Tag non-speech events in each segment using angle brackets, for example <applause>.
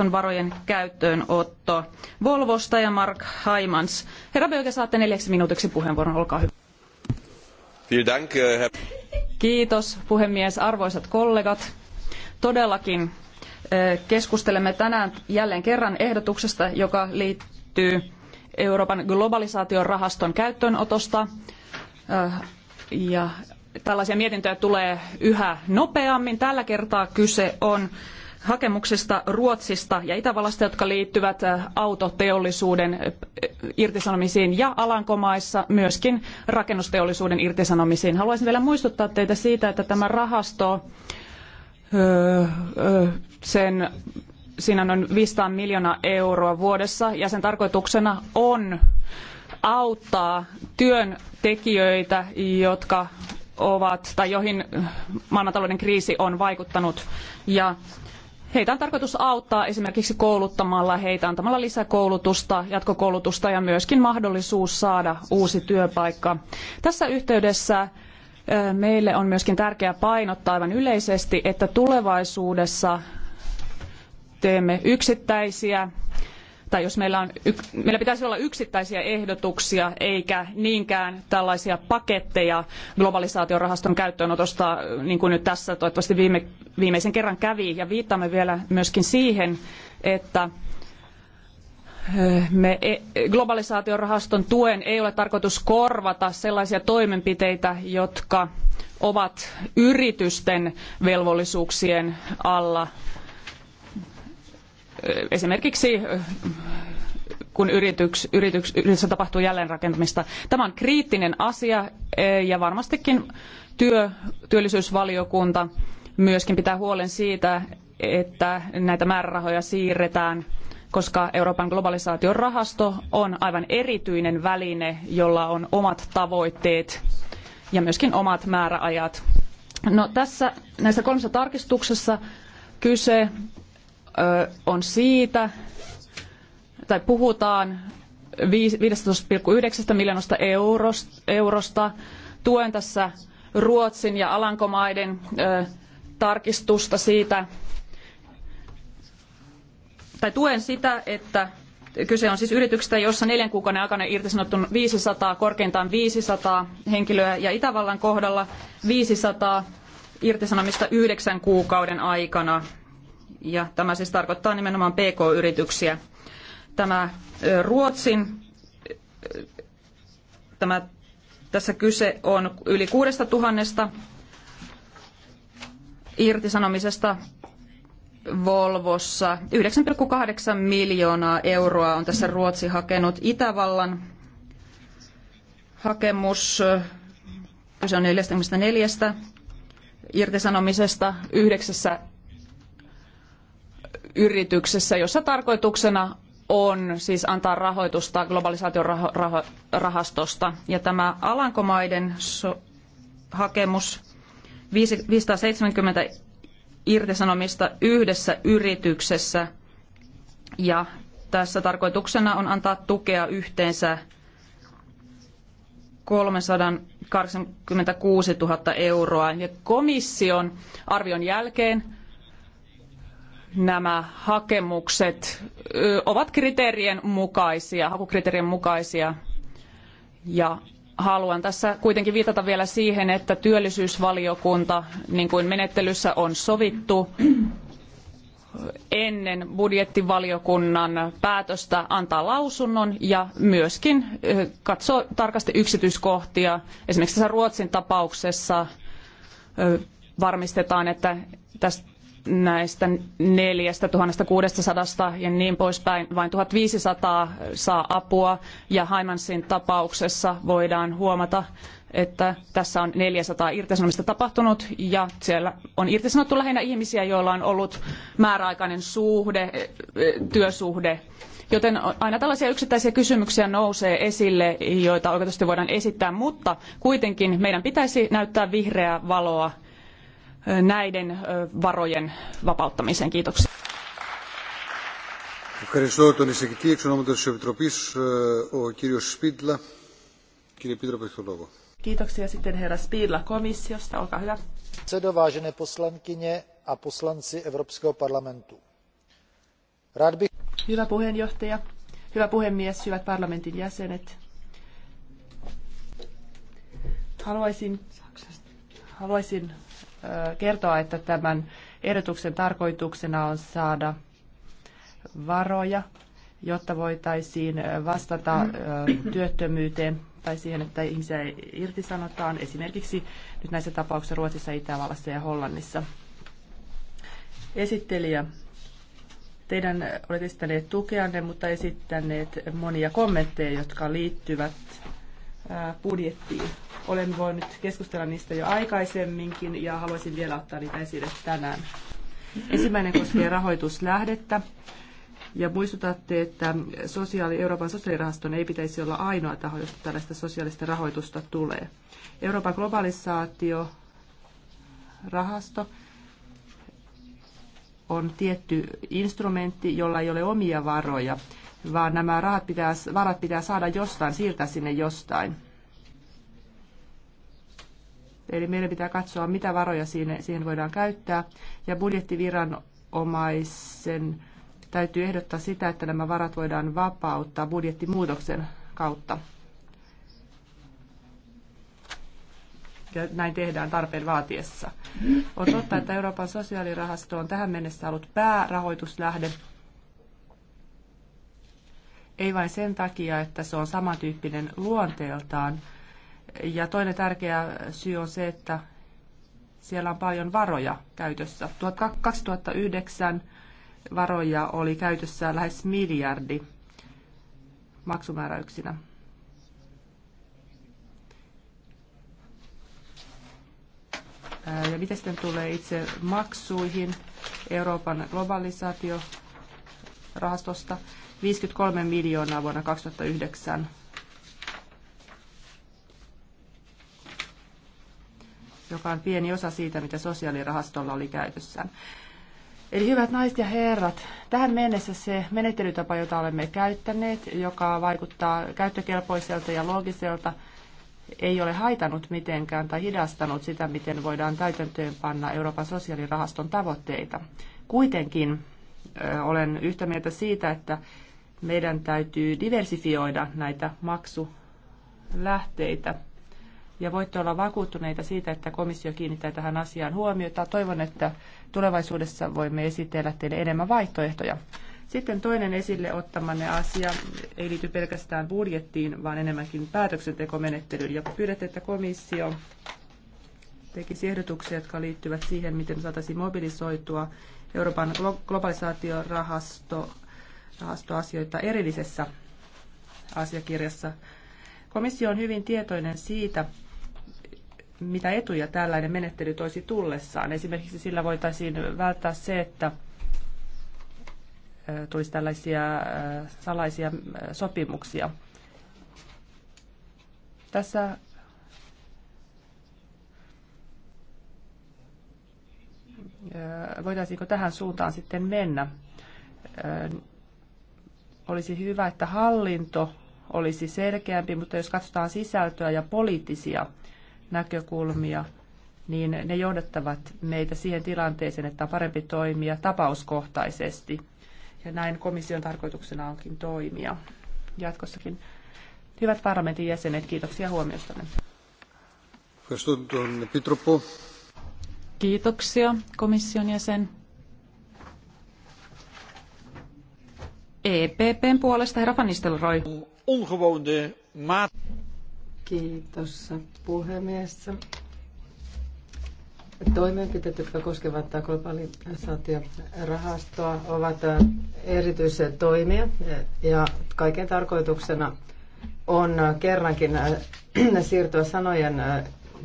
on varojen käyttöönotto Volvosta ja Mark Haimans. Herra Böge, saatte neljäksi minuutiksi puheenvuoron, olkaa hyvä. Äh, Kiitos puhemies, arvoisat kollegat. Todellakin äh, keskustelemme tänään jälleen kerran ehdotuksesta, joka liittyy Euroopan globalisaation rahaston käyttöönotosta. Äh, ja tällaisia mietintöjä tulee yhä nopeammin. Tällä kertaa kyse on hakemuksista Ruotsista ja Itävallasta, jotka liittyvät äh, autoteollisuuden äh, irtisanomisiin ja Alankomaissa myöskin rakennusteollisuuden irtisanomisiin. Haluaisin vielä muistuttaa teitä siitä, että tämä rahasto, äh, sen, siinä on noin 500 miljoonaa euroa vuodessa ja sen tarkoituksena on auttaa työntekijöitä, jotka ovat tai joihin maailmantalouden kriisi on vaikuttanut. Ja Heitä on tarkoitus auttaa esimerkiksi kouluttamalla heitä, antamalla lisäkoulutusta, jatkokoulutusta ja myöskin mahdollisuus saada uusi työpaikka. Tässä yhteydessä meille on myöskin tärkeää painottaa aivan yleisesti, että tulevaisuudessa teemme yksittäisiä tai jos meillä, on, meillä pitäisi olla yksittäisiä ehdotuksia eikä niinkään tällaisia paketteja globalisaatiorahaston käyttöönotosta, äh, niin kuin nyt tässä toivottavasti viime, viimeisen kerran kävi. Ja viittaamme vielä myöskin siihen, että äh, me e- globalisaatiorahaston tuen ei ole tarkoitus korvata sellaisia toimenpiteitä, jotka ovat yritysten velvollisuuksien alla esimerkiksi kun yrityks, yrityks, yrityksessä tapahtuu jälleenrakentamista. Tämä on kriittinen asia e, ja varmastikin työ, työllisyysvaliokunta myöskin pitää huolen siitä, että näitä määrärahoja siirretään, koska Euroopan globalisaation rahasto on aivan erityinen väline, jolla on omat tavoitteet ja myöskin omat määräajat. No, tässä näissä kolmessa tarkistuksessa kyse on siitä, tai puhutaan 15,9 miljoonasta eurosta. Tuen tässä Ruotsin ja Alankomaiden tarkistusta siitä, tai tuen sitä, että kyse on siis yrityksestä, jossa neljän kuukauden aikana irtisanottu 500, korkeintaan 500 henkilöä, ja Itävallan kohdalla 500 irtisanomista yhdeksän kuukauden aikana ja tämä siis tarkoittaa nimenomaan PK-yrityksiä. Tämä Ruotsin, tämä, tässä kyse on yli kuudesta tuhannesta irtisanomisesta Volvossa. 9,8 miljoonaa euroa on tässä Ruotsi hakenut. Itävallan hakemus, kyse on 44 irtisanomisesta yhdeksässä yrityksessä, jossa tarkoituksena on siis antaa rahoitusta globalisaation rahastosta. Ja tämä Alankomaiden so- hakemus 570 irtisanomista yhdessä yrityksessä ja tässä tarkoituksena on antaa tukea yhteensä 386 000 euroa. Ja komission arvion jälkeen nämä hakemukset ovat kriteerien mukaisia, hakukriteerien mukaisia. Ja haluan tässä kuitenkin viitata vielä siihen, että työllisyysvaliokunta, niin kuin menettelyssä on sovittu, ennen budjettivaliokunnan päätöstä antaa lausunnon ja myöskin katsoo tarkasti yksityiskohtia. Esimerkiksi tässä Ruotsin tapauksessa varmistetaan, että tästä näistä 4600 ja niin poispäin, vain 1500 saa apua ja Haimansin tapauksessa voidaan huomata, että tässä on 400 irtisanomista tapahtunut ja siellä on irtisanottu lähinnä ihmisiä, joilla on ollut määräaikainen suhde, eh, työsuhde. Joten aina tällaisia yksittäisiä kysymyksiä nousee esille, joita oikeasti voidaan esittää, mutta kuitenkin meidän pitäisi näyttää vihreää valoa näiden varojen vapauttamiseen. Kiitoksia. Ευχαριστώ τον εισηγητή εξ ονόματος της Επιτροπής, ο κύριος Σπίτλα. Κύριε Επίτροπε, έχει το λόγο. Kiitoksia sitten herra Spiidla komissiosta, olkaa hyvä. Předo, vážené poslankyně a poslanci Evropského parlamentu. Rád bych... Hyvä puheenjohtaja, hyvä puhemies, hyvät parlamentin jäsenet. Haluaisin, haluaisin kertoa, että tämän ehdotuksen tarkoituksena on saada varoja, jotta voitaisiin vastata työttömyyteen tai siihen, että ihmisiä irtisanotaan, esimerkiksi nyt näissä tapauksissa Ruotsissa, Itävallassa ja Hollannissa. Esittelijä, teidän olette esittäneet tukeanne, mutta esittäneet monia kommentteja, jotka liittyvät budjettiin. Olen voinut keskustella niistä jo aikaisemminkin ja haluaisin vielä ottaa niitä esille tänään. Ensimmäinen koskee rahoituslähdettä. Ja muistutatte, että sosiaali, Euroopan sosiaalirahaston ei pitäisi olla ainoa taho, josta tällaista sosiaalista rahoitusta tulee. Euroopan globalisaatio rahasto on tietty instrumentti, jolla ei ole omia varoja, vaan nämä rahat pitää, varat pitää saada jostain, siirtää sinne jostain. Eli meidän pitää katsoa, mitä varoja siihen, siihen voidaan käyttää, ja budjettiviranomaisen täytyy ehdottaa sitä, että nämä varat voidaan vapauttaa budjettimuutoksen kautta. ja näin tehdään tarpeen vaatiessa. On totta, että Euroopan sosiaalirahasto on tähän mennessä ollut päärahoituslähde, ei vain sen takia, että se on samantyyppinen luonteeltaan. Ja toinen tärkeä syy on se, että siellä on paljon varoja käytössä. 2009 varoja oli käytössä lähes miljardi maksumääräyksinä. Ja mitä sitten tulee itse maksuihin Euroopan globalisaatiorahastosta? 53 miljoonaa vuonna 2009. joka on pieni osa siitä, mitä sosiaalirahastolla oli käytössään. Eli hyvät naiset ja herrat, tähän mennessä se menettelytapa, jota olemme käyttäneet, joka vaikuttaa käyttökelpoiselta ja loogiselta, ei ole haitanut mitenkään tai hidastanut sitä, miten voidaan panna Euroopan sosiaalirahaston tavoitteita. Kuitenkin olen yhtä mieltä siitä, että meidän täytyy diversifioida näitä maksulähteitä. Ja voitte olla vakuuttuneita siitä, että komissio kiinnittää tähän asiaan huomiota. Toivon, että tulevaisuudessa voimme esitellä teille enemmän vaihtoehtoja. Sitten toinen esille ottamanne asia ei liity pelkästään budjettiin, vaan enemmänkin päätöksentekomenettelyyn. Ja pyydätte, että komissio tekisi ehdotuksia, jotka liittyvät siihen, miten saataisiin mobilisoitua Euroopan globalisaatiorahasto rahastoasioita erillisessä asiakirjassa. Komissio on hyvin tietoinen siitä, mitä etuja tällainen menettely toisi tullessaan. Esimerkiksi sillä voitaisiin välttää se, että tulisi tällaisia äh, salaisia äh, sopimuksia. Tässä äh, voitaisiinko tähän suuntaan sitten mennä. Olisi hyvä, että hallinto olisi selkeämpi, mutta jos katsotaan sisältöä ja poliittisia näkökulmia, niin ne johdattavat meitä siihen tilanteeseen, että on parempi toimia tapauskohtaisesti – ja näin komission tarkoituksena onkin toimia jatkossakin. Hyvät parlamentin jäsenet, kiitoksia huomiostanne. Kiitoksia komission jäsen. EPPn puolesta herra Van Nistelrooy. Kiitos puhemies. Toimenpiteet, jotka koskevat globalisaatiorahastoa, ovat erityisiä toimia ja kaiken tarkoituksena on kerrankin <clears throat> siirtyä sanojen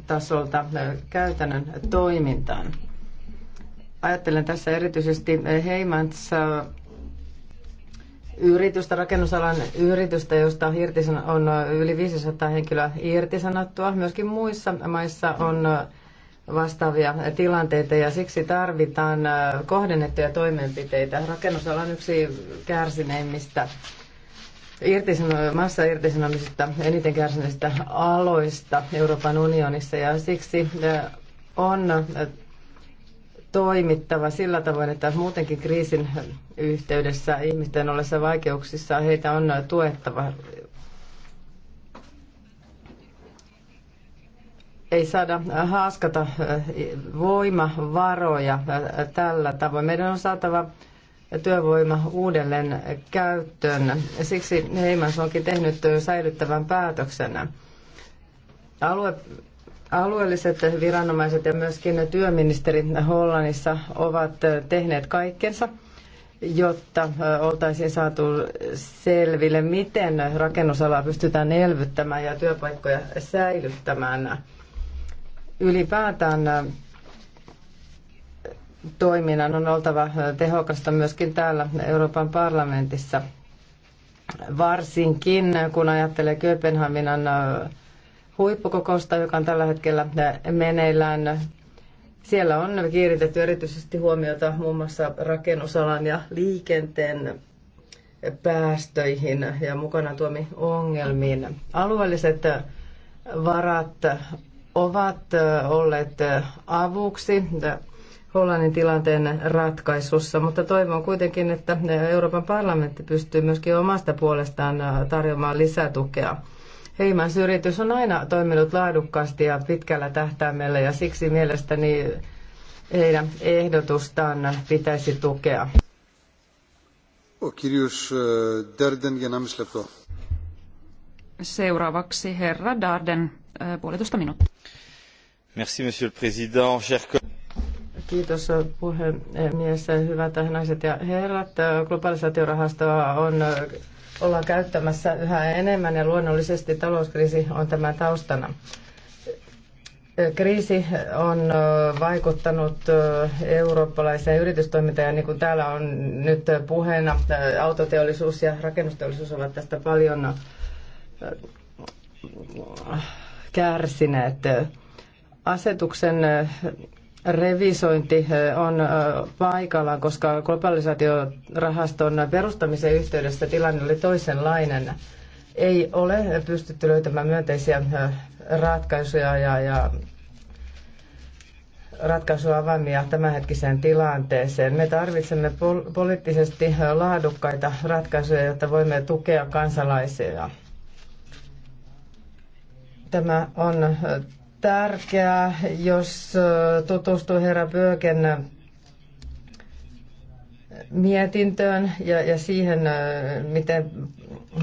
tasolta käytännön toimintaan. Ajattelen tässä erityisesti Heimants yritystä, rakennusalan yritystä, josta on yli 500 henkilöä irtisanottua. Myöskin muissa maissa on vastaavia tilanteita ja siksi tarvitaan kohdennettuja toimenpiteitä. Rakennusalan yksi kärsineimmistä massa irtisanomisista eniten kärsineistä aloista Euroopan unionissa ja siksi on toimittava sillä tavoin, että muutenkin kriisin yhteydessä ihmisten ollessa vaikeuksissa heitä on tuettava ei saada äh, haaskata äh, voimavaroja äh, tällä tavoin. Meidän on saatava työvoima uudelleen käyttöön. Siksi Heimans onkin tehnyt säilyttävän päätöksen. Alue, alueelliset viranomaiset ja myöskin työministeri Hollannissa ovat tehneet kaikkensa, jotta oltaisiin saatu selville, miten rakennusalaa pystytään elvyttämään ja työpaikkoja säilyttämään ylipäätään äh, toiminnan on oltava äh, tehokasta myöskin täällä Euroopan parlamentissa. Varsinkin äh, kun ajattelee Kööpenhaminan huippukokousta, joka on tällä hetkellä meneillään. Siellä on kiinnitetty erityisesti huomiota muun muassa rakennusalan ja liikenteen päästöihin ja mukana tuomi ongelmiin. Alueelliset varat ovat olleet avuksi Hollannin tilanteen ratkaisussa, mutta toivon kuitenkin, että Euroopan parlamentti pystyy myöskin omasta puolestaan tarjoamaan lisätukea. Heimans yritys on aina toiminut laadukkaasti ja pitkällä tähtäimellä ja siksi mielestäni heidän ehdotustaan pitäisi tukea. Darden ja Seuraavaksi herra Darden, puolitoista minuuttia. Merci, monsieur le président. Chers Kiitos puhemies. Hyvät naiset ja herrat. Globalisaatiorahastoa on, ollaan käyttämässä yhä enemmän ja luonnollisesti talouskriisi on tämän taustana. Kriisi on vaikuttanut eurooppalaiseen yritystoimintaan ja niin kuin täällä on nyt puheena, autoteollisuus ja rakennusteollisuus ovat tästä paljon kärsineet asetuksen äh, revisointi äh, on äh, paikallaan, koska globalisaatiorahaston perustamisen yhteydessä tilanne oli toisenlainen. Ei ole pystytty löytämään myönteisiä ratkaisuja ja, ja ratkaisuavaimia tämänhetkiseen tilanteeseen. Me tarvitsemme pol- poliittisesti laadukkaita ratkaisuja, jotta voimme tukea kansalaisia. Tämä on tärkeää, jos tutustuu herra Böken mietintöön ja, ja siihen, miten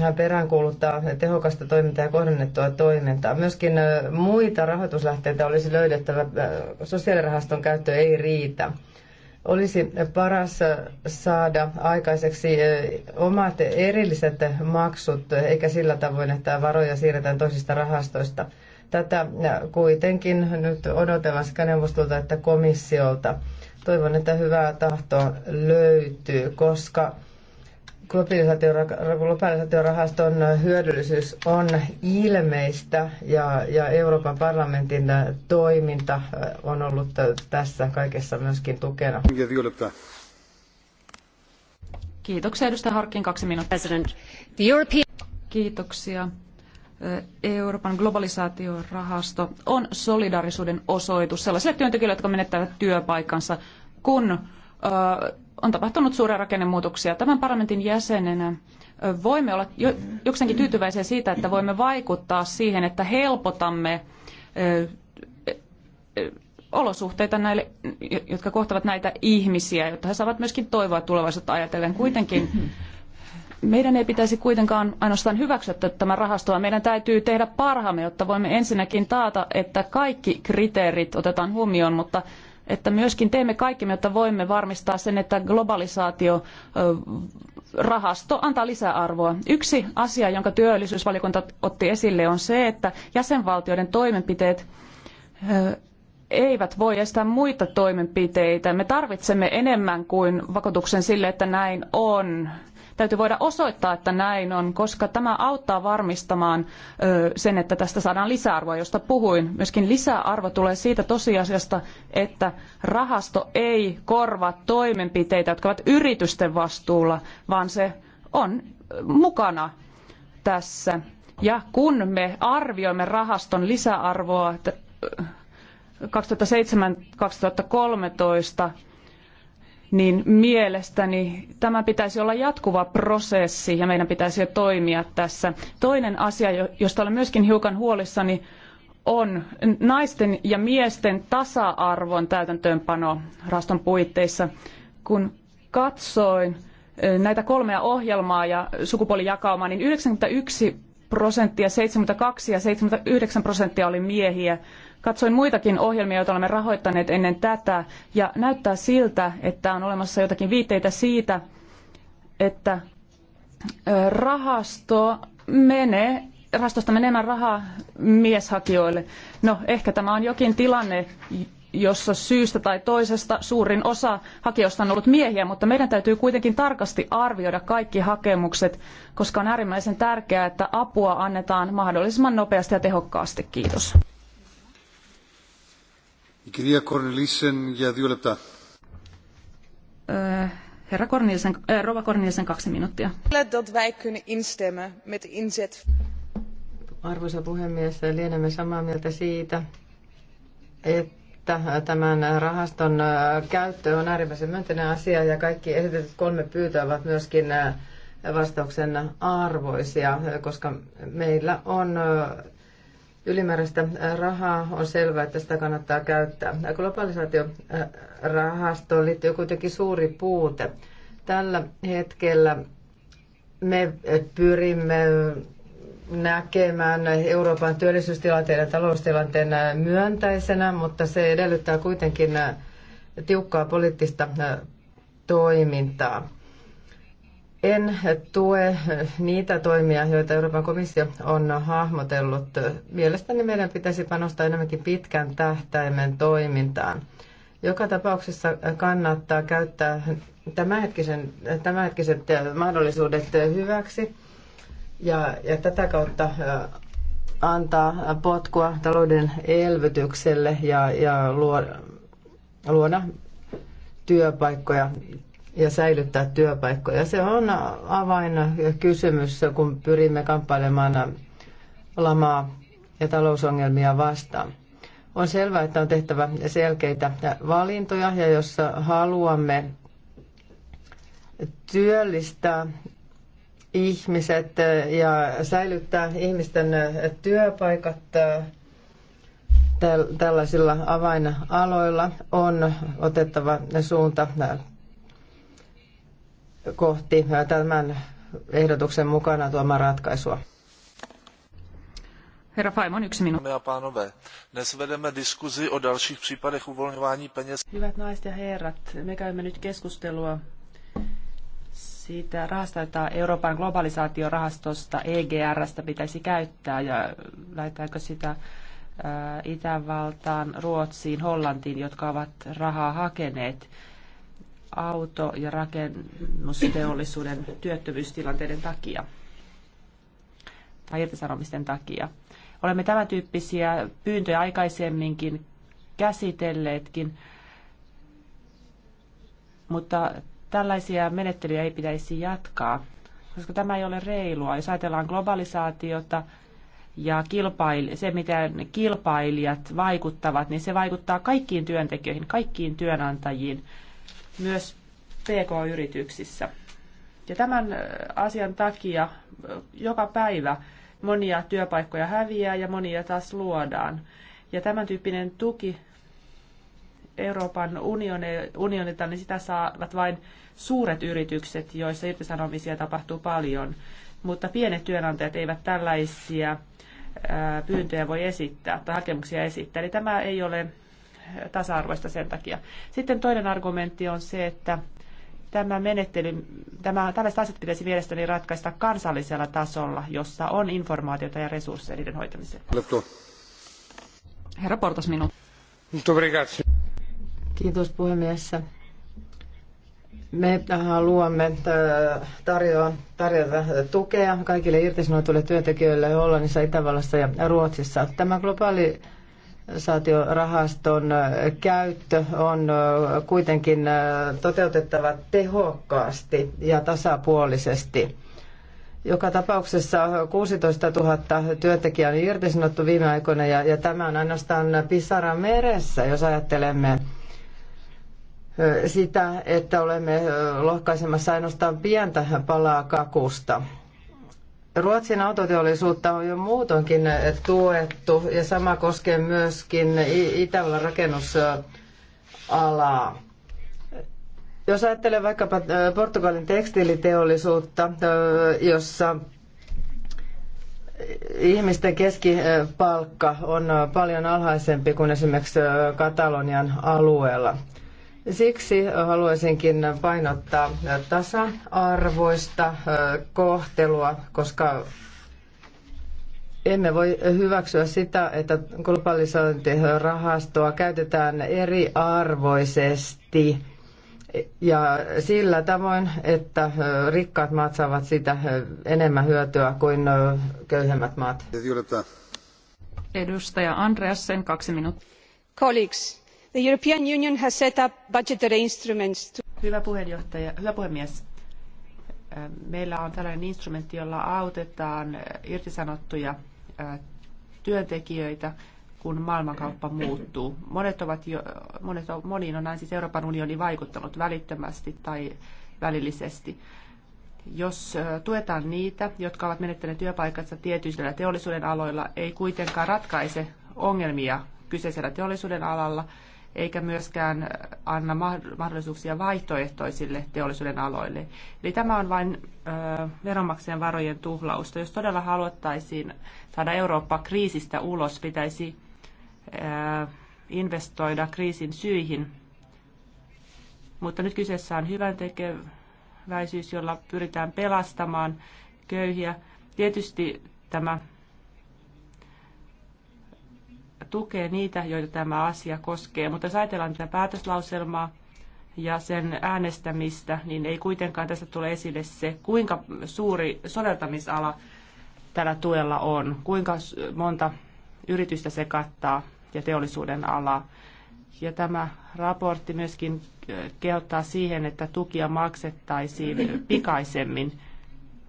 hän peräänkuuluttaa tehokasta toimintaa ja kohdennettua toimintaa. Myöskin muita rahoituslähteitä olisi löydettävä. Sosiaalirahaston käyttö ei riitä. Olisi paras saada aikaiseksi omat erilliset maksut, eikä sillä tavoin, että varoja siirretään toisista rahastoista – Tätä kuitenkin nyt odotellaan sekä neuvostolta että komissiolta. Toivon, että hyvää tahtoa löytyy, koska globalisaatiorahaston hyödyllisyys on ilmeistä ja, ja Euroopan parlamentin toiminta on ollut tässä kaikessa myöskin tukena. Kiitoksia edustaja Harkin, kaksi minuuttia. Kiitoksia. Euroopan globalisaatiorahasto on solidarisuuden osoitus sellaisille työntekijöille, jotka menettävät työpaikkansa, kun on tapahtunut suuria rakennemuutoksia. Tämän parlamentin jäsenenä voimme olla jo, jokseenkin tyytyväisiä siitä, että voimme vaikuttaa siihen, että helpotamme olosuhteita näille, jotka kohtavat näitä ihmisiä, jotta he saavat myöskin toivoa tulevaisuutta ajatellen. Kuitenkin meidän ei pitäisi kuitenkaan ainoastaan hyväksyä tämä rahastoa. Meidän täytyy tehdä parhaamme, jotta voimme ensinnäkin taata, että kaikki kriteerit otetaan huomioon, mutta että myöskin teemme kaikkemme, jotta voimme varmistaa sen, että globalisaatio rahasto antaa lisäarvoa. Yksi asia, jonka työllisyysvaliokunta otti esille, on se, että jäsenvaltioiden toimenpiteet eivät voi estää muita toimenpiteitä. Me tarvitsemme enemmän kuin vakuutuksen sille, että näin on täytyy voida osoittaa, että näin on, koska tämä auttaa varmistamaan sen, että tästä saadaan lisäarvoa, josta puhuin. Myöskin lisäarvo tulee siitä tosiasiasta, että rahasto ei korvaa toimenpiteitä, jotka ovat yritysten vastuulla, vaan se on mukana tässä. Ja kun me arvioimme rahaston lisäarvoa 2007-2013, niin mielestäni tämä pitäisi olla jatkuva prosessi ja meidän pitäisi toimia tässä. Toinen asia, josta olen myöskin hiukan huolissani, on naisten ja miesten tasa-arvon täytäntöönpano raston puitteissa. Kun katsoin eh, näitä kolmea ohjelmaa ja sukupuolijakaumaa, niin 91 prosenttia, 72 ja 79 prosenttia oli miehiä. Katsoin muitakin ohjelmia, joita olemme rahoittaneet ennen tätä, ja näyttää siltä, että on olemassa jotakin viitteitä siitä, että rahasto menee, rahastosta menemään rahaa mieshakijoille. No, ehkä tämä on jokin tilanne, jossa syystä tai toisesta suurin osa hakijoista on ollut miehiä, mutta meidän täytyy kuitenkin tarkasti arvioida kaikki hakemukset, koska on äärimmäisen tärkeää, että apua annetaan mahdollisimman nopeasti ja tehokkaasti. Kiitos. Kirja Cornelissen ja δύο λεπτά. Herra Cornelissen, äh, Rova Cornelissen, kaksi minuuttia. Dat wij kunnen instemmen met de inzet. Arvoisa puhemies, lienemme samaa mieltä siitä, että tämän rahaston äh, käyttö on äärimmäisen myönteinen asia ja kaikki esitetyt kolme pyytöä ovat myöskin äh, vastauksen arvoisia, koska meillä on äh, ylimääräistä äh, rahaa, on selvää, että sitä kannattaa käyttää. Äh, globalisaatiorahastoon liittyy kuitenkin suuri puute. Tällä hetkellä me äh, pyrimme näkemään Euroopan työllisyystilanteen ja taloustilanteen myöntäisenä, mutta se edellyttää kuitenkin tiukkaa poliittista toimintaa. En tue niitä toimia, joita Euroopan komissio on hahmotellut. Mielestäni meidän pitäisi panostaa enemmänkin pitkän tähtäimen toimintaan. Joka tapauksessa kannattaa käyttää tämänhetkisen, tämänhetkiset mahdollisuudet hyväksi ja, ja tätä kautta antaa potkua talouden elvytykselle ja, ja luoda, luoda työpaikkoja ja säilyttää työpaikkoja. Se on kysymys, kun pyrimme kamppailemaan lamaa ja talousongelmia vastaan. On selvää, että on tehtävä selkeitä valintoja ja jos haluamme työllistää ihmiset ja säilyttää ihmisten työpaikat tällaisilla avainaloilla, on otettava suunta kohti tämän ehdotuksen mukana tuomaan ratkaisua. Herra Faimon, yksi minuutti. o Hyvät naiset ja herrat, me käymme nyt keskustelua siitä rahasta, jota Euroopan globalisaatiorahastosta EGRstä pitäisi käyttää ja lähdetäänkö sitä Itävaltaan, Ruotsiin, Hollantiin, jotka ovat rahaa hakeneet auto- ja rakennusteollisuuden työttömyystilanteiden takia tai irtisanomisten takia. Olemme tämän tyyppisiä pyyntöjä aikaisemminkin käsitelleetkin, mutta tällaisia menettelyjä ei pitäisi jatkaa, koska tämä ei ole reilua. Jos ajatellaan globalisaatiota, ja kilpail- se, miten kilpailijat vaikuttavat, niin se vaikuttaa kaikkiin työntekijöihin, kaikkiin työnantajiin myös PK-yrityksissä. Ja tämän asian takia joka päivä monia työpaikkoja häviää ja monia taas luodaan. Ja tämän tyyppinen tuki Euroopan unionilta, niin sitä saavat vain suuret yritykset, joissa irtisanomisia tapahtuu paljon. Mutta pienet työnantajat eivät tällaisia pyyntöjä voi esittää tai hakemuksia esittää. Eli tämä ei ole tasa-arvoista sen takia. Sitten toinen argumentti on se, että tämä menettely, tämä, tällaiset asiat pitäisi mielestäni ratkaista kansallisella tasolla, jossa on informaatiota ja resursseja niiden hoitamiseen. Herra Portas, minun. Kiitos puhemies. Me haluamme tarjoa, tarjota tukea kaikille irtisanotuille työntekijöille Hollannissa, Itävallassa ja Ruotsissa. Tämä globaali saatiorahaston käyttö on kuitenkin toteutettava tehokkaasti ja tasapuolisesti. Joka tapauksessa 16 000 työntekijää on irtisanottu viime aikoina ja, ja tämä on ainoastaan pisara meressä, jos ajattelemme sitä, että olemme lohkaisemassa ainoastaan pientä palaa kakusta. Ruotsin autoteollisuutta on jo muutoinkin tuettu ja sama koskee myöskin Itävallan rakennusalaa. Jos ajattelee vaikkapa äh, Portugalin tekstiiliteollisuutta, äh, jossa ihmisten keskipalkka on paljon alhaisempi kuin esimerkiksi äh, Katalonian alueella – Siksi haluaisinkin painottaa tasa-arvoista kohtelua, koska emme voi hyväksyä sitä, että globalisointirahastoa käytetään eriarvoisesti ja sillä tavoin, että rikkaat maat saavat sitä enemmän hyötyä kuin köyhemmät maat. Edustaja Andreasen, kaksi minuuttia. The European Union has set up budgetary instruments to... Hyvä, puheenjohtaja, hyvä puhemies. Äh, meillä on tällainen instrumentti, jolla autetaan äh, irtisanottuja äh, työntekijöitä, kun maailmankauppa muuttuu. Monet ovat jo, monet, moniin on näin siis Euroopan unioni vaikuttanut välittömästi tai välillisesti jos tuetaan niitä, jotka ovat menettäneet työpaikkansa tietyillä teollisuuden aloilla, ei kuitenkaan ratkaise ongelmia kyseisellä teollisuuden alalla, eikä myöskään anna mahdollisuuksia vaihtoehtoisille teollisuuden aloille. Eli tämä on vain ö, veronmaksajan varojen tuhlausta. Jos todella haluttaisiin saada Eurooppa kriisistä ulos, pitäisi ö, investoida kriisin syihin. Mutta nyt kyseessä on hyvän tekeväisyys, jolla pyritään pelastamaan köyhiä. Tietysti tämä tukee niitä, joita tämä asia koskee. Mutta jos ajatellaan tätä päätöslauselmaa ja sen äänestämistä, niin ei kuitenkaan tästä tule esille se, kuinka suuri soveltamisala tällä tuella on, kuinka monta yritystä se kattaa ja teollisuuden alaa. Ja tämä raportti myöskin kehottaa siihen, että tukia maksettaisiin pikaisemmin,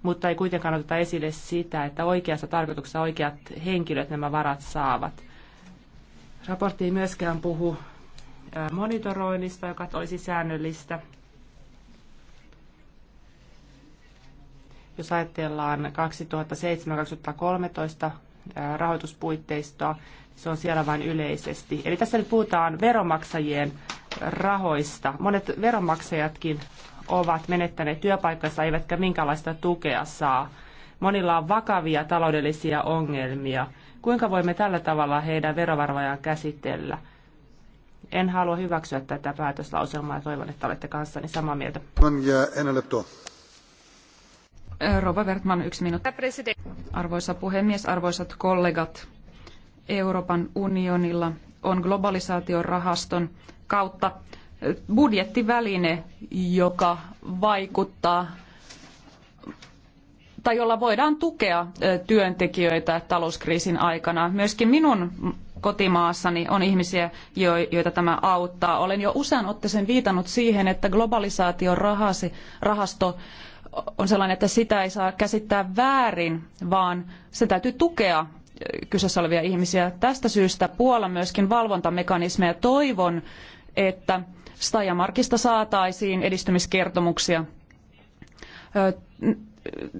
mutta ei kuitenkaan oteta esille sitä, että oikeassa tarkoituksessa oikeat henkilöt nämä varat saavat. Raportti ei myöskään puhu monitoroinnista, joka olisi säännöllistä. Jos ajatellaan 2007-2013 rahoituspuitteistoa, se on siellä vain yleisesti. Eli tässä nyt puhutaan veromaksajien rahoista. Monet veronmaksajatkin ovat menettäneet työpaikkansa eivätkä minkälaista tukea saa. Monilla on vakavia taloudellisia ongelmia Kuinka voimme tällä tavalla heidän verovarvojaan käsitellä? En halua hyväksyä tätä päätöslauselmaa ja toivon, että olette kanssani samaa mieltä. Rova Bertman, yksi minuutti. Arvoisa puhemies, arvoisat kollegat. Euroopan unionilla on globalisaation rahaston kautta budjettiväline, joka vaikuttaa mutta jolla voidaan tukea työntekijöitä talouskriisin aikana. Myöskin minun kotimaassani on ihmisiä, joita tämä auttaa. Olen jo usean otteeseen viitannut siihen, että globalisaation rahasto on sellainen, että sitä ei saa käsittää väärin, vaan se täytyy tukea kyseessä olevia ihmisiä. Tästä syystä Puola myöskin valvontamekanismeja toivon, että Stajamarkista saataisiin edistymiskertomuksia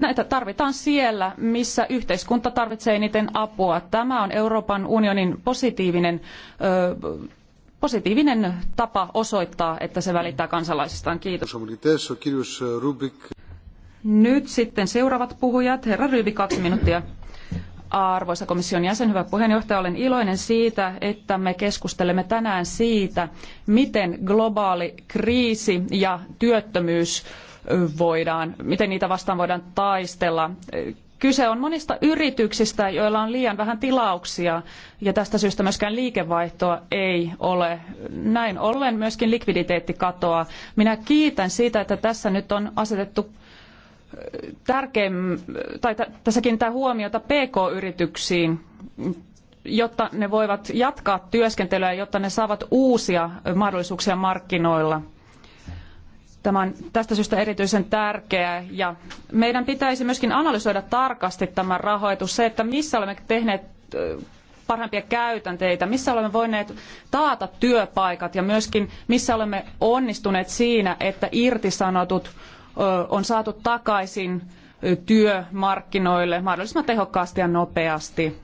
näitä tarvitaan siellä, missä yhteiskunta tarvitsee eniten apua. Tämä on Euroopan unionin positiivinen, positiivinen tapa osoittaa, että se välittää kansalaisistaan. Kiitos. Nyt sitten seuraavat puhujat. Herra Ryby, kaksi minuuttia. Arvoisa komission jäsen, hyvä puheenjohtaja, olen iloinen siitä, että me keskustelemme tänään siitä, miten globaali kriisi ja työttömyys voidaan, miten niitä vastaan voidaan taistella. Kyse on monista yrityksistä, joilla on liian vähän tilauksia ja tästä syystä myöskään liikevaihtoa ei ole. Näin ollen myöskin likviditeetti katoaa. Minä kiitän siitä, että tässä nyt on asetettu äh, tärkeim, tai tässäkin kiinnittää huomiota PK-yrityksiin, jotta ne voivat jatkaa työskentelyä, jotta ne saavat uusia mahdollisuuksia markkinoilla – Tämä on tästä syystä erityisen tärkeää ja meidän pitäisi myöskin analysoida tarkasti tämä rahoitus, se, että missä olemme tehneet parempia käytänteitä, missä olemme voineet taata työpaikat ja myöskin missä olemme onnistuneet siinä, että irtisanotut on saatu takaisin työmarkkinoille mahdollisimman tehokkaasti ja nopeasti.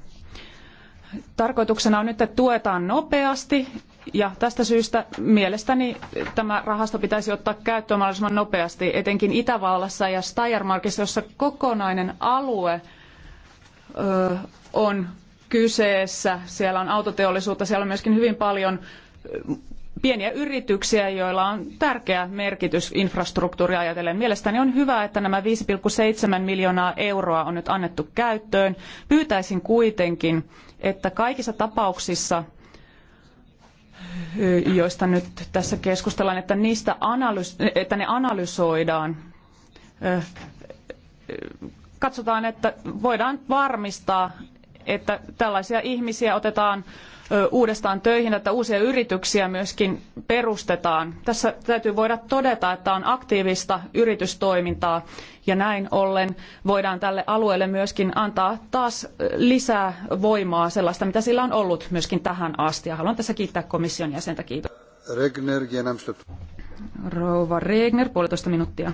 Tarkoituksena on nyt, että tuetaan nopeasti ja tästä syystä mielestäni tämä rahasto pitäisi ottaa käyttöön mahdollisimman nopeasti, etenkin Itävallassa ja Steiermarkissa, jossa kokonainen alue ö, on kyseessä. Siellä on autoteollisuutta, siellä on myöskin hyvin paljon pieniä yrityksiä, joilla on tärkeä merkitys infrastruktuuria ajatellen. Mielestäni on hyvä, että nämä 5,7 miljoonaa euroa on nyt annettu käyttöön. Pyytäisin kuitenkin, että kaikissa tapauksissa – joista nyt tässä keskustellaan, että, niistä analys- että ne analysoidaan. Katsotaan, että voidaan varmistaa, että tällaisia ihmisiä otetaan uudestaan töihin, että uusia yrityksiä myöskin perustetaan. Tässä täytyy voida todeta, että on aktiivista yritystoimintaa ja näin ollen voidaan tälle alueelle myöskin antaa taas lisää voimaa sellaista, mitä sillä on ollut myöskin tähän asti. Ja haluan tässä kiittää komission jäsentä. Kiitos. Regner, Rouva Regner, puolitoista minuuttia.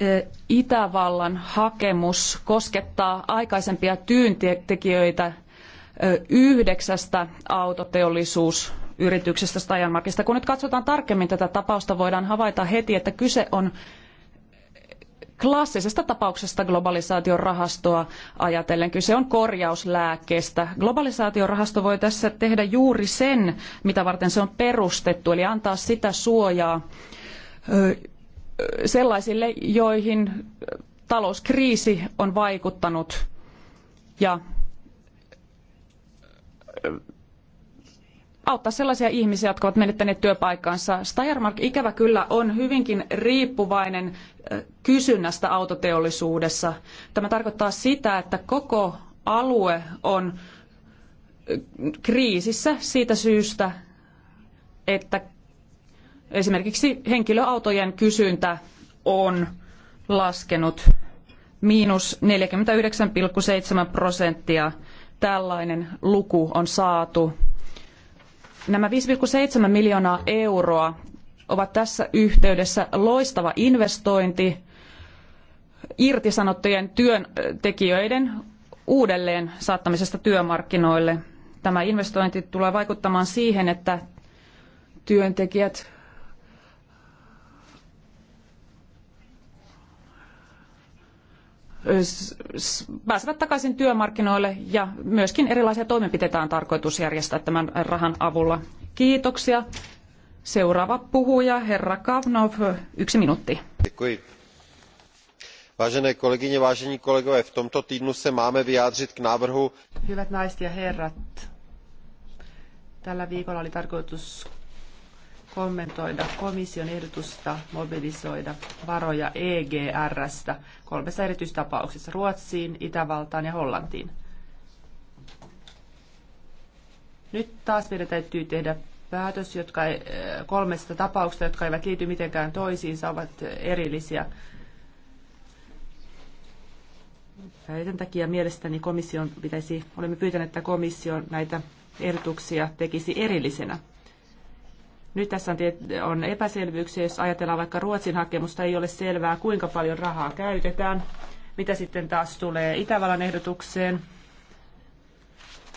E, Itävallan hakemus koskettaa aikaisempia tyyntekijöitä yhdeksästä autoteollisuusyrityksestä Steiermarkista. Kun nyt katsotaan tarkemmin tätä tapausta, voidaan havaita heti, että kyse on klassisesta tapauksesta globalisaation rahastoa ajatellen. Kyse on korjauslääkkeestä. Globalisaation rahasto voi tässä tehdä juuri sen, mitä varten se on perustettu, eli antaa sitä suojaa sellaisille, joihin talouskriisi on vaikuttanut ja äh, auttaa sellaisia ihmisiä, jotka ovat menettäneet työpaikkansa. Steiermark ikävä kyllä on hyvinkin riippuvainen äh, kysynnästä autoteollisuudessa. Tämä tarkoittaa sitä, että koko alue on äh, kriisissä siitä syystä, että Esimerkiksi henkilöautojen kysyntä on laskenut miinus 49,7 prosenttia. Tällainen luku on saatu. Nämä 5,7 miljoonaa euroa ovat tässä yhteydessä loistava investointi irtisanottujen työntekijöiden uudelleen saattamisesta työmarkkinoille. Tämä investointi tulee vaikuttamaan siihen, että työntekijät pääsevät takaisin työmarkkinoille ja myöskin erilaisia toimenpiteitä on tarkoitus järjestää tämän rahan avulla. Kiitoksia. Seuraava puhuja, herra Kavnov, yksi minuutti. Děkuji. Vážené kolegyně, vážení kolegové, v tomto týdnu se máme vyjádřit k návrhu. Hyvät naiset ja herrat, tällä viikolla oli tarkoitus kommentoida komission ehdotusta mobilisoida varoja EGRstä kolmessa erityistapauksessa Ruotsiin, Itävaltaan ja Hollantiin. Nyt taas meidän täytyy tehdä päätös, jotka eh, kolmesta tapauksesta, jotka eivät liity mitenkään toisiinsa, ovat erillisiä. Sen takia mielestäni komission pitäisi, olemme pyytäneet, että komission näitä ehdotuksia tekisi erillisenä. Nyt tässä on, on epäselvyyksiä, jos ajatellaan vaikka Ruotsin hakemusta, ei ole selvää kuinka paljon rahaa käytetään. Mitä sitten taas tulee Itävallan ehdotukseen,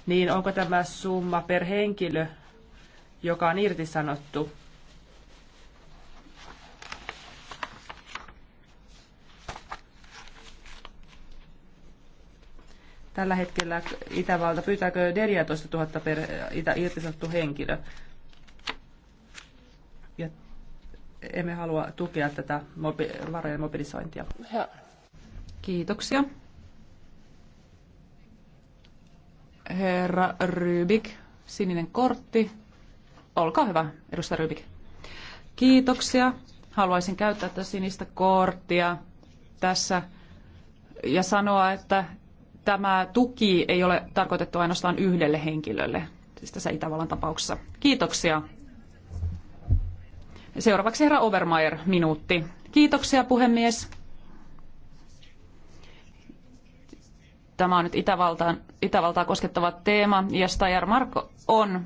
niin onko tämä summa per henkilö, joka on irtisanottu? Tällä hetkellä Itävalta pyytääkö 14 000 per irtisanottu henkilö? ja emme halua tukea tätä mobi- varojen mobilisointia. Ja. Kiitoksia. Herra Rybik, sininen kortti. Olkaa hyvä, edustaja Rybik. Kiitoksia. Haluaisin käyttää tätä sinistä korttia tässä ja sanoa, että tämä tuki ei ole tarkoitettu ainoastaan yhdelle henkilölle, siis tässä Itävallan tapauksessa. Kiitoksia Seuraavaksi herra Overmaier, minuutti. Kiitoksia puhemies. Tämä on nyt Itävaltaan, Itävaltaa koskettava teema ja Stajar Marko on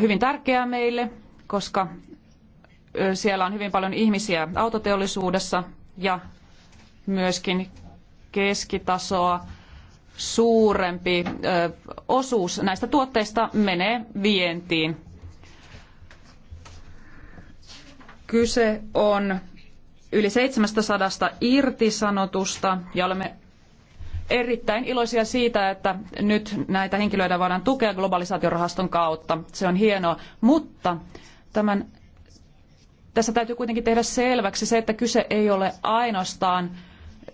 hyvin tärkeää meille, koska siellä on hyvin paljon ihmisiä autoteollisuudessa ja myöskin keskitasoa suurempi osuus näistä tuotteista menee vientiin Kyse on yli 700 irtisanotusta ja olemme erittäin iloisia siitä, että nyt näitä henkilöitä voidaan tukea globalisaatiorahaston kautta. Se on hienoa, mutta tämän, tässä täytyy kuitenkin tehdä selväksi se, että kyse ei ole ainoastaan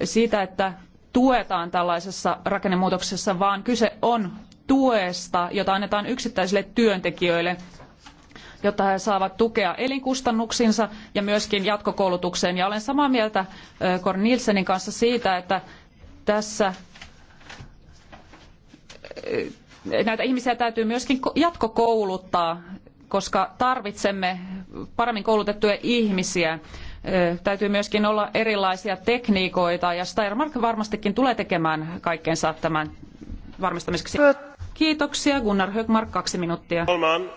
siitä, että tuetaan tällaisessa rakennemuutoksessa, vaan kyse on tuesta, jota annetaan yksittäisille työntekijöille jotta he saavat tukea elinkustannuksiinsa ja myöskin jatkokoulutukseen. Ja olen samaa mieltä Kornilsenin kanssa siitä, että tässä näitä ihmisiä täytyy myöskin jatkokouluttaa, koska tarvitsemme paremmin koulutettuja ihmisiä. Täytyy myöskin olla erilaisia tekniikoita ja Steiermark varmastikin tulee tekemään kaikkensa tämän varmistamiseksi. Kiitoksia. Gunnar Högmark, kaksi minuuttia. Olman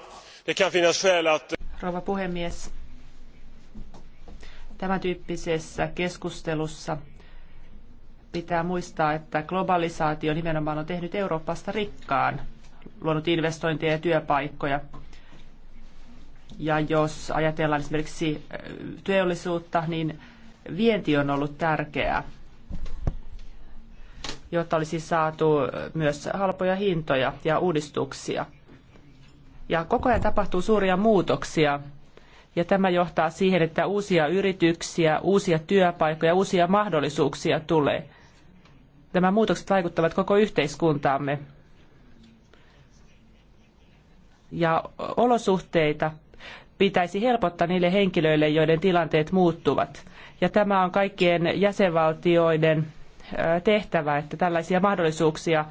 arvoisa puhemies, tämän tyyppisessä keskustelussa pitää muistaa, että globalisaatio nimenomaan on tehnyt Euroopasta rikkaan, luonut investointeja ja työpaikkoja. Ja jos ajatellaan esimerkiksi äh, teollisuutta, niin vienti on ollut tärkeää, jotta olisi saatu myös halpoja hintoja ja uudistuksia. Ja koko ajan tapahtuu suuria muutoksia. Ja tämä johtaa siihen, että uusia yrityksiä, uusia työpaikkoja, uusia mahdollisuuksia tulee. Nämä muutokset vaikuttavat koko yhteiskuntaamme. Ja olosuhteita pitäisi helpottaa niille henkilöille, joiden tilanteet muuttuvat. Ja tämä on kaikkien jäsenvaltioiden tehtävä, että tällaisia mahdollisuuksia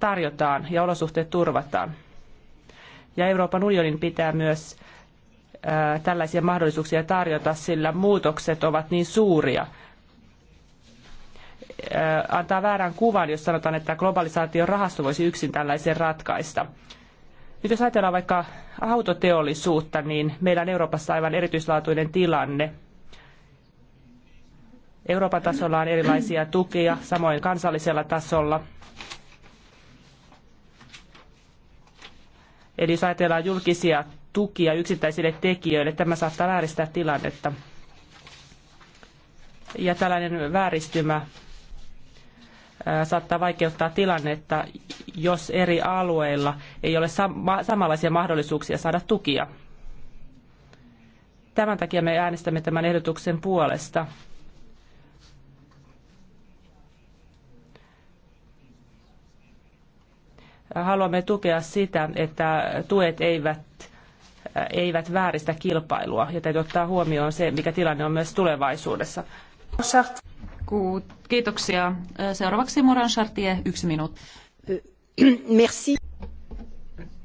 tarjotaan ja olosuhteet turvataan ja Euroopan unionin pitää myös tällaisia mahdollisuuksia tarjota, sillä muutokset ovat niin suuria. Antaa väärän kuvan, jos sanotaan, että globalisaation rahasto voisi yksin tällaisen ratkaista. Nyt jos ajatellaan vaikka autoteollisuutta, niin meillä on Euroopassa aivan erityislaatuinen tilanne. Euroopan tasolla on erilaisia tukia, samoin kansallisella tasolla. Eli jos ajatellaan julkisia tukia yksittäisille tekijöille, tämä saattaa vääristää tilannetta. Ja tällainen vääristymä saattaa vaikeuttaa tilannetta, jos eri alueilla ei ole samanlaisia mahdollisuuksia saada tukia. Tämän takia me äänestämme tämän ehdotuksen puolesta. haluamme tukea sitä, että tuet eivät, eivät vääristä kilpailua ja täytyy ottaa huomioon se, mikä tilanne on myös tulevaisuudessa. Kiitoksia. Seuraavaksi Moran Chartier, yksi minuutti. Merci.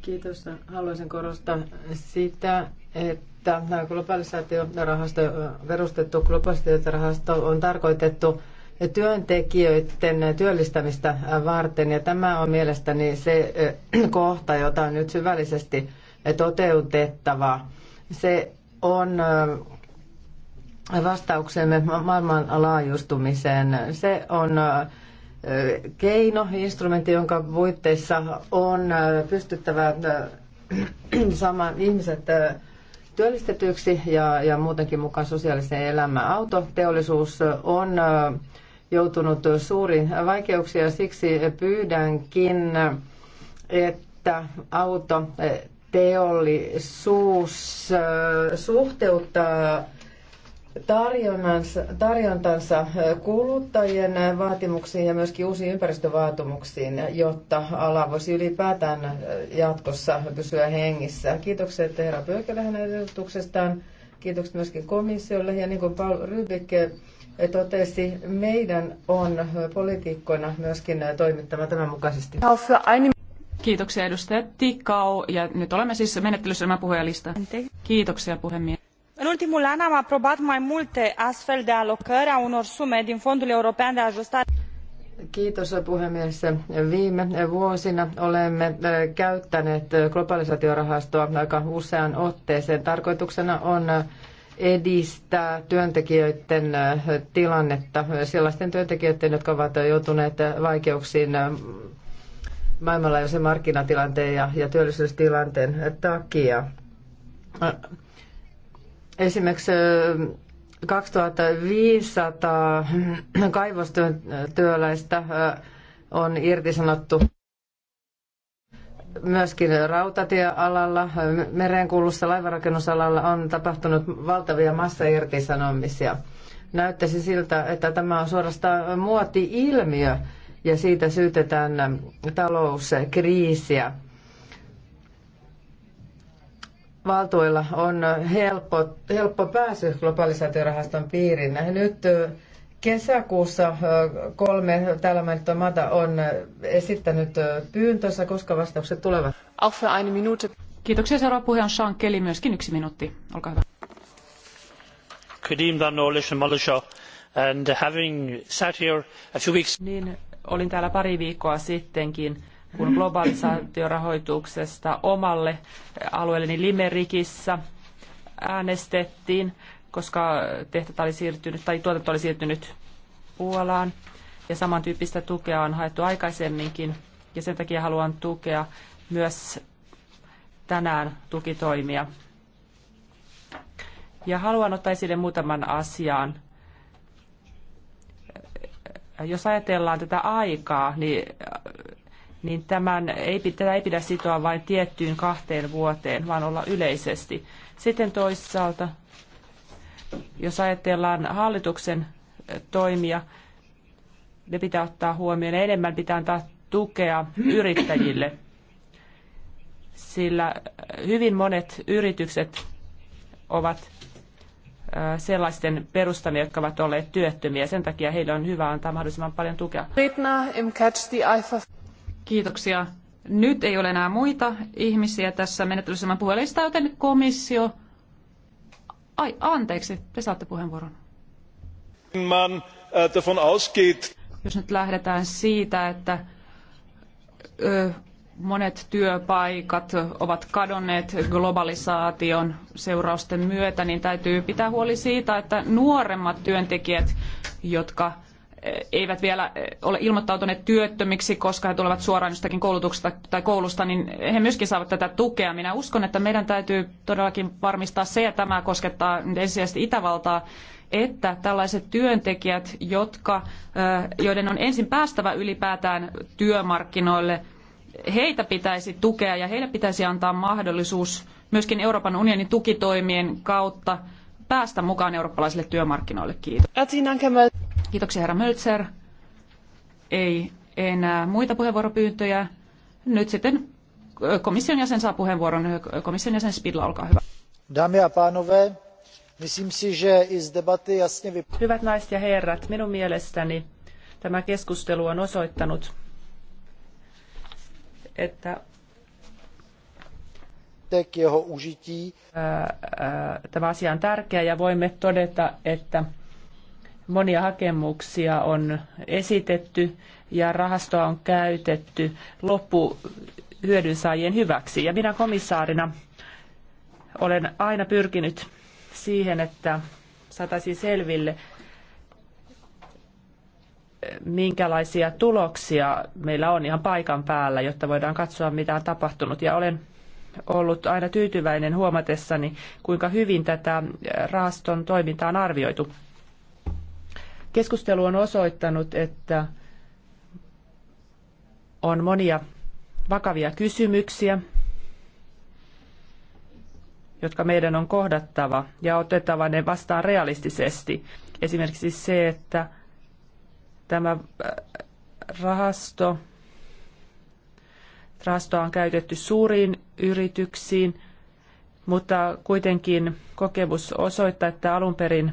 Kiitos. Haluaisin korostaa sitä, että globalisaatiorahasto, perustettu globalisaatiorahasto on tarkoitettu työntekijöiden työllistämistä varten. Ja tämä on mielestäni se kohta, jota on nyt syvällisesti toteutettava. Se on vastauksemme maailmanlaajuistumiseen. Se on keino, instrumentti, jonka puitteissa on pystyttävä saamaan ihmiset työllistetyiksi ja, ja muutenkin mukaan sosiaaliseen elämään. Autoteollisuus on joutunut suuriin vaikeuksiin ja siksi pyydänkin, että auto eh, teollisuus eh, suhteuttaa tarjontansa eh, kuluttajien vaatimuksiin ja myöskin uusiin ympäristövaatimuksiin, jotta ala voisi ylipäätään jatkossa pysyä hengissä. Kiitokset herra Pöykälle hänen edustuksestaan. Kiitokset myöskin komissiolle ja niin kuin Paul Rybikke, totesi, meidän on poliitikkoina myöskin toimittava tämän mukaisesti. Kiitoksia edustaja Tikau. Ja nyt olemme siis menettelyssä nämä puhujalista. Kiitoksia puhemies. În ultimul an am aprobat mai multe astfel de alocări a unor sume din Fondul European de Ajustare. Kiitos puhemies. Viime vuosina olemme eh, käyttäneet globalisaatiorahastoa aika usean otteeseen. Tarkoituksena on eh, edistää työntekijöiden tilannetta, sellaisten työntekijöiden, jotka ovat joutuneet vaikeuksiin maailmanlaajuisen markkinatilanteen ja, ja työllisyystilanteen takia. Esimerkiksi 2500 kaivostyöläistä on irtisanottu myöskin rautatiealalla, merenkulussa, laivarakennusalalla on tapahtunut valtavia massairtisanomisia. Näyttäisi siltä, että tämä on suorastaan muoti-ilmiö ja siitä syytetään talouskriisiä. Valtuilla on helppo, helppo pääsy globalisaatiorahaston piiriin. Nyt Kesäkuussa kolme täällä mainittua maata on esittänyt pyyntönsä, koska vastaukset tulevat. Auch für eine Minute. Kiitoksia. Seuraava puheen Sean Kelly, myöskin yksi minuutti. Olkaa hyvä. And having sat here a few weeks... Niin, olin täällä pari viikkoa sittenkin, kun globalisaatiorahoituksesta omalle alueelleni Limerikissä äänestettiin koska tehtävä oli siirtynyt, tai tuotanto oli siirtynyt Puolaan. Ja samantyyppistä tukea on haettu aikaisemminkin. Ja sen takia haluan tukea myös tänään tukitoimia. Ja haluan ottaa esille muutaman asian. Jos ajatellaan tätä aikaa, niin, niin tämän ei, tätä ei pidä sitoa vain tiettyyn kahteen vuoteen, vaan olla yleisesti. Sitten toisaalta jos ajatellaan hallituksen toimia, ne pitää ottaa huomioon. Enemmän pitää antaa tukea yrittäjille, sillä hyvin monet yritykset ovat sellaisten perustamia, jotka ovat olleet työttömiä. Sen takia heille on hyvä antaa mahdollisimman paljon tukea. Kiitoksia. Nyt ei ole enää muita ihmisiä tässä menettelyssä. Mä puhelista, joten komissio Ai, anteeksi, te saatte puheenvuoron. Man, äh, davon ausgeht. Jos nyt lähdetään siitä, että ö, monet työpaikat ovat kadonneet globalisaation seurausten myötä, niin täytyy pitää huoli siitä, että nuoremmat työntekijät, jotka eivät vielä eh, ole ilmoittautuneet työttömiksi, koska he tulevat suoraan jostakin koulutuksesta tai koulusta, niin he myöskin saavat tätä tukea. Minä uskon, että meidän täytyy todellakin varmistaa se, ja tämä koskettaa ensisijaisesti Itävaltaa, että tällaiset työntekijät, jotka, eh, joiden on ensin päästävä ylipäätään työmarkkinoille, heitä pitäisi tukea ja heille pitäisi antaa mahdollisuus myöskin Euroopan unionin tukitoimien kautta päästä mukaan eurooppalaisille työmarkkinoille. Kiitos. Kiitoksia herra Mölzer. Ei enää muita puheenvuoropyyntöjä. Nyt sitten komission jäsen saa puheenvuoron. Komission jäsen Spidla, olkaa hyvä. Dámy a pánové, myslím si, že i z debaty jasně vyp... Hyvät naiset ja herrat, minun mielestäni tämä keskustelu on osoittanut, että jeho užití. Tämä asia on tärkeä ja voimme todeta, että Monia hakemuksia on esitetty ja rahastoa on käytetty saajien hyväksi. Ja minä komissaarina olen aina pyrkinyt siihen, että saataisiin selville, minkälaisia tuloksia meillä on ihan paikan päällä, jotta voidaan katsoa, mitä on tapahtunut. Ja olen ollut aina tyytyväinen huomatessani, kuinka hyvin tätä rahaston toimintaa on arvioitu. Keskustelu on osoittanut, että on monia vakavia kysymyksiä, jotka meidän on kohdattava ja otettava ne vastaan realistisesti. Esimerkiksi se, että tämä äh, rahasto, rahastoa on käytetty suuriin yrityksiin, mutta kuitenkin kokemus osoittaa, että alun perin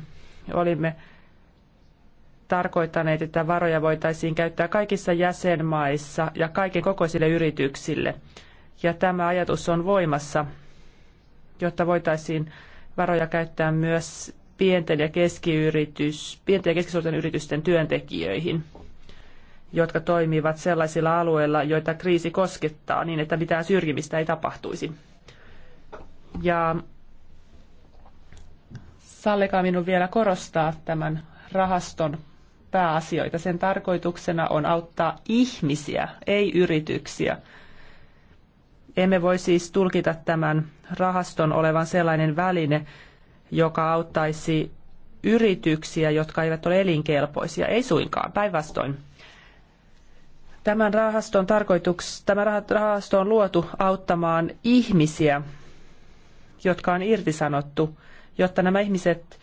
olimme tarkoittaneet, että varoja voitaisiin käyttää kaikissa jäsenmaissa ja kaiken kokoisille yrityksille. Ja tämä ajatus on voimassa, jotta voitaisiin varoja käyttää myös pienten ja, keskiyritys, pienten ja keskisuurten yritysten työntekijöihin, jotka toimivat sellaisilla alueilla, joita kriisi koskettaa, niin että mitään syrjimistä ei tapahtuisi. Ja sallikaa minun vielä korostaa tämän rahaston pääasioita. Sen tarkoituksena on auttaa ihmisiä, ei yrityksiä. Emme voi siis tulkita tämän rahaston olevan sellainen väline, joka auttaisi yrityksiä, jotka eivät ole elinkelpoisia. Ei suinkaan, päinvastoin. Tämän rahaston, tarkoituks, tämä rahasto on luotu auttamaan ihmisiä, jotka on irtisanottu, jotta nämä ihmiset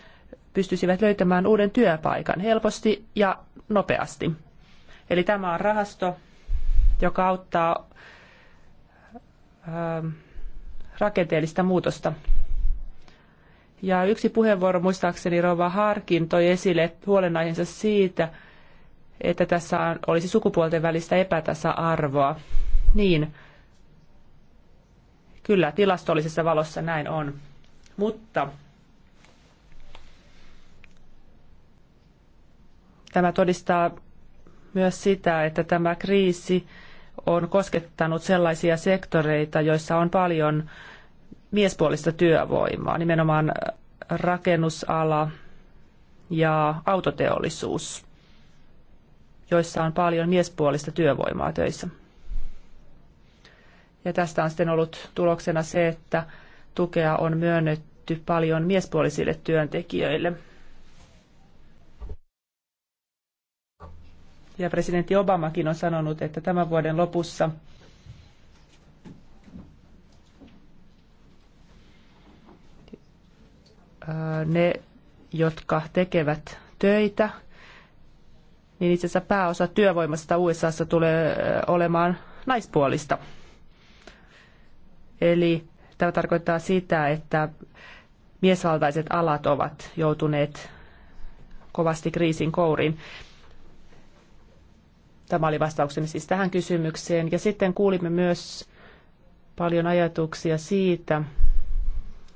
pystyisivät löytämään uuden työpaikan helposti ja nopeasti. Eli tämä on rahasto, joka auttaa ähm, rakenteellista muutosta. Ja yksi puheenvuoro muistaakseni Rova Harkin toi esille huolenaiheensa siitä, että tässä on, olisi sukupuolten välistä epätasa-arvoa. Niin, kyllä tilastollisessa valossa näin on. Mutta Tämä todistaa myös sitä, että tämä kriisi on koskettanut sellaisia sektoreita, joissa on paljon miespuolista työvoimaa, nimenomaan rakennusala ja autoteollisuus, joissa on paljon miespuolista työvoimaa töissä. Ja tästä on sitten ollut tuloksena se, että tukea on myönnetty paljon miespuolisille työntekijöille – ja presidentti Obamakin on sanonut, että tämän vuoden lopussa äh, ne, jotka tekevät töitä, niin itse asiassa pääosa työvoimasta USAssa tulee äh, olemaan naispuolista. Eli tämä tarkoittaa sitä, että miesvaltaiset alat ovat joutuneet kovasti kriisin kouriin. Tämä oli vastaukseni siis tähän kysymykseen. Ja sitten kuulimme myös paljon ajatuksia siitä,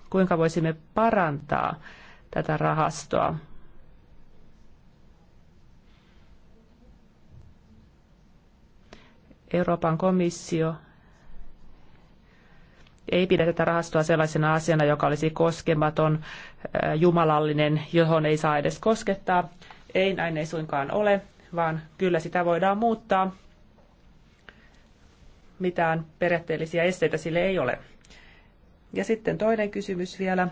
kuinka voisimme parantaa tätä rahastoa. Euroopan komissio ei pidä tätä rahastoa sellaisena asiana, joka olisi koskematon, äh, jumalallinen, johon ei saa edes koskettaa. Ei, näin ei suinkaan ole vaan kyllä sitä voidaan muuttaa. Mitään periaatteellisia esteitä sille ei ole. Ja sitten toinen kysymys vielä.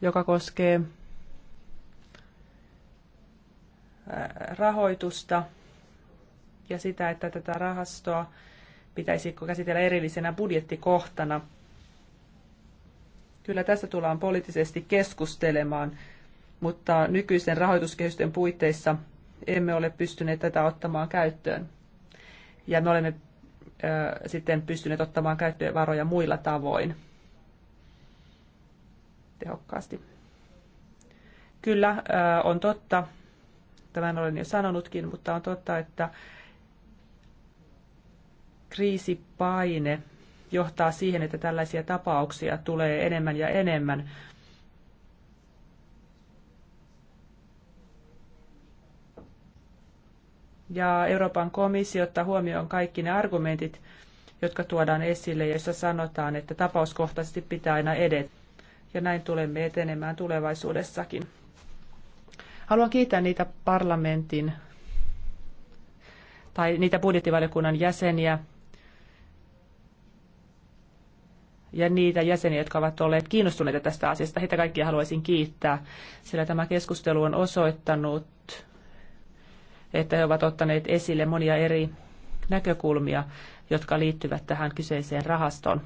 joka koskee äh, rahoitusta ja sitä, että tätä rahastoa pitäisi käsitellä erillisenä budjettikohtana – Kyllä tässä tullaan poliittisesti keskustelemaan, mutta nykyisen rahoituskehysten puitteissa emme ole pystyneet tätä ottamaan käyttöön. Ja me olemme sitten pystyneet ottamaan käyttöön varoja muilla tavoin tehokkaasti. Kyllä, on totta, tämän olen jo sanonutkin, mutta on totta, että kriisipaine johtaa siihen, että tällaisia tapauksia tulee enemmän ja enemmän. Ja Euroopan komissio ottaa huomioon kaikki ne argumentit, jotka tuodaan esille, joissa sanotaan, että tapauskohtaisesti pitää aina edetä. Ja näin tulemme etenemään tulevaisuudessakin. Haluan kiittää niitä parlamentin tai niitä budjettivaliokunnan jäseniä, ja niitä jäseniä, jotka ovat olleet kiinnostuneita tästä asiasta. Heitä kaikkia haluaisin kiittää, sillä tämä keskustelu on osoittanut, että he ovat ottaneet esille monia eri näkökulmia, jotka liittyvät tähän kyseiseen rahastoon.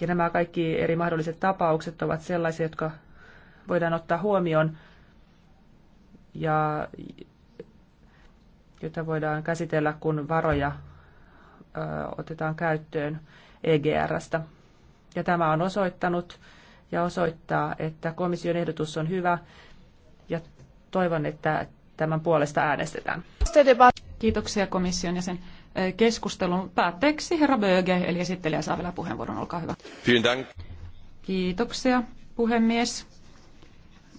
Ja nämä kaikki eri mahdolliset tapaukset ovat sellaisia, jotka voidaan ottaa huomioon ja jota voidaan käsitellä, kun varoja otetaan käyttöön EGRstä. Ja tämä on osoittanut ja osoittaa, että komission ehdotus on hyvä ja toivon, että tämän puolesta äänestetään. Kiitoksia komission ja sen keskustelun päätteeksi herra Böge, eli esittelijä saa vielä puheenvuoron, olkaa hyvä. Kiitoksia puhemies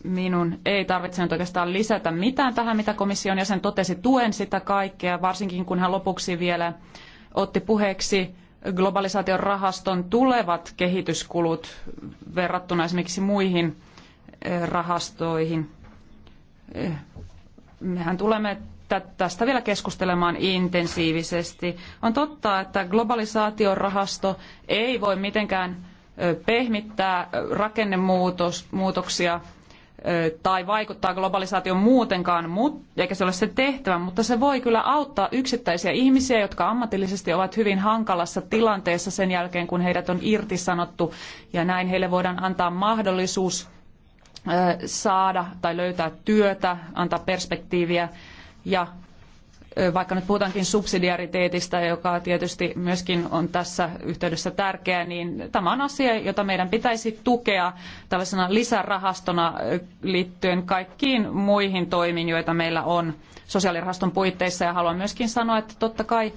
minun ei tarvitse nyt oikeastaan lisätä mitään tähän, mitä komission jäsen totesi. Tuen sitä kaikkea, varsinkin kun hän lopuksi vielä otti puheeksi globalisaation rahaston tulevat kehityskulut verrattuna esimerkiksi muihin eh, rahastoihin. Eh, mehän tulemme tästä vielä keskustelemaan intensiivisesti. On totta, että globalisaation rahasto ei voi mitenkään eh, pehmittää rakennemuutoksia tai vaikuttaa globalisaation muutenkaan, eikä se ole se tehtävä, mutta se voi kyllä auttaa yksittäisiä ihmisiä, jotka ammatillisesti ovat hyvin hankalassa tilanteessa sen jälkeen, kun heidät on irtisanottu, ja näin heille voidaan antaa mahdollisuus saada tai löytää työtä, antaa perspektiiviä ja vaikka nyt puhutaankin subsidiariteetista, joka tietysti myöskin on tässä yhteydessä tärkeä, niin tämä on asia, jota meidän pitäisi tukea tällaisena lisärahastona liittyen kaikkiin muihin toimiin, joita meillä on sosiaalirahaston puitteissa. Ja haluan myöskin sanoa, että totta kai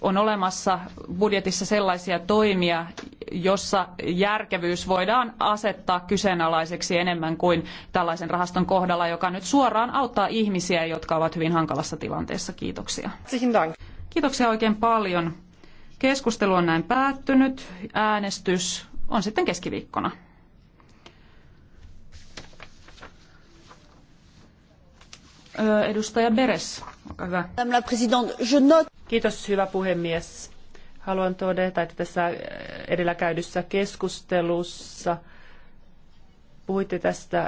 on olemassa budjetissa sellaisia toimia, jossa järkevyys voidaan asettaa kyseenalaiseksi enemmän kuin tällaisen rahaston kohdalla, joka nyt suoraan auttaa ihmisiä, jotka ovat hyvin hankalassa tilanteessa. Kiitoksia. Kiitoksia oikein paljon. Keskustelu on näin päättynyt. Äänestys on sitten keskiviikkona. Edustaja Beres. Olkaa hyvä. Kiitos, hyvä puhemies. Haluan todeta, että tässä eh, edellä käydyssä keskustelussa puhuitte tästä